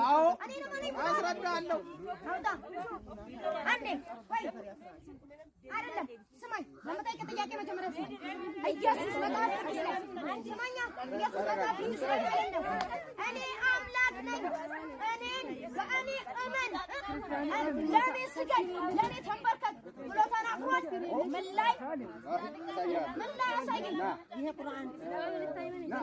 አዎ አስረዳለሁ። አንዴ ወይ አይደለም፣ ስማኝ ለመጠየቅ ጥያቄ መጀመሪያ ኢየሱስ መጣ እኔ አምላክ ነኝ። እኔን በእኔ እመን፣ ለእኔ ስገድ፣ ለእኔ ተንበርከክ ብሎ ተናግሯል። ምን ላይ ምን ላይ ያሳየኝ ይሄ ቁርአን ይሄ ቃል አይሆነኝም።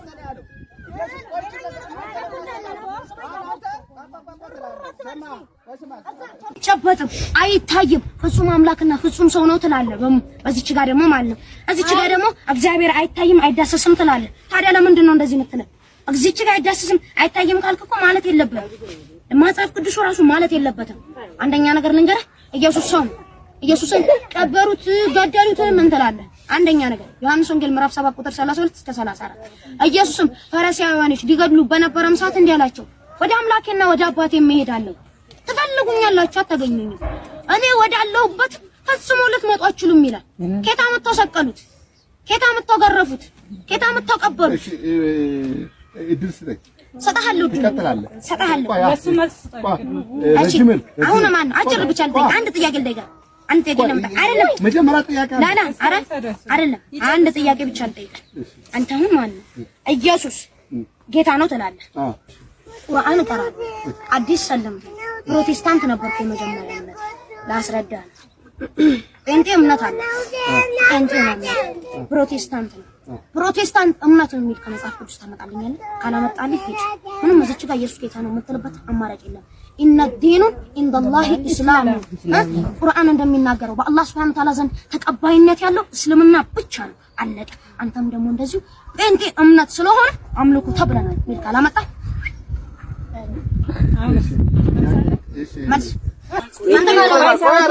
አይጨበጥም፣ አይታይም። ፍጹም አምላክና ፍጹም ሰው ነው ትላለህ። በዚች ጋር ደግሞ ማለት ነው እዚች ጋር ደግሞ እግዚአብሔር አይታይም አይዳሰስም ትላለህ። ታዲያ ለምንድን ነው እንደዚህ የምትለው? እዚች ጋር አይዳሰስም አይታይም ካልክ እኮ ማለት የለብህም። መጽሐፍ ቅዱሱ ራሱ ማለት የለበትም። አንደኛ ነገር ልንገርህ፣ ኢየሱስ ሰው ነው። ኢየሱስን ቀበሩት፣ ገደሉት ምን ትላለህ? አንደኛ ነገር ዮሐንስ ወንጌል ምዕራፍ 7 ቁጥር 32 እስከ 34 ኢየሱስም ፈሪሳውያኖች ሊገድሉ በነበረም ሰዓት እንዲህ አላቸው ወደ አምላኬና ወደ አባቴ መሄዳለሁ። ትፈልጉኛላችሁ፣ አታገኙኝም። እኔ ወዳለሁበት ፈጽሞ ልትመጡ አትችሉም ይላል። ኬታ መጥተው ሰቀሉት፣ ኬታ መጥተው ገረፉት፣ ኬታ መጥተው ቀበሩት። እድል ስጠኝ። ሰጣሃለሁ፣ ሰጣሃለሁ። አሁን ማን አጭር ብቻ ልጠይቅ። አንድ ጥያቄ ልጠይቅ። አንድ ጥያቄ ለምጣ አይደለም፣ መጀመሪያ ጥያቄ ላላ አይደለም፣ አንድ ጥያቄ ብቻ ልጠይቅ። አንተ አሁን ማን ነው ኢየሱስ ጌታ ነው ትላለህ ቁርአን እቀራለሁ። አዲስ ሰለም ፕሮቴስታንት ነበርኩ የመጀመሪያ እምነት ላስረዳ ጴንጤ እምነት አለ። ጴንጤ ፕሮቴስታንት ነው። ፕሮቴስታንት እምነት የሚል ከመጽሐፍ ቅዱስ አለ። ካላመጣልህ ሂድ። ምንም እዚች ጋር ኢየሱስ ጌታ ነው የምትልበት አማራጭ የለም። ኢነ ዲኑ ኢንደላሂ ኢስላም ቁርአን እንደሚናገረው በአላህ ሱብሃነሁ ወተዓላ ዘንድ ተቀባይነት ያለው እስልምና ብቻ ነው። አለቀ። አንተም ደግሞ እንደዚሁ ጴንጤ እምነት ስለሆነ አምልኩ ተብለናል። ሚል మరి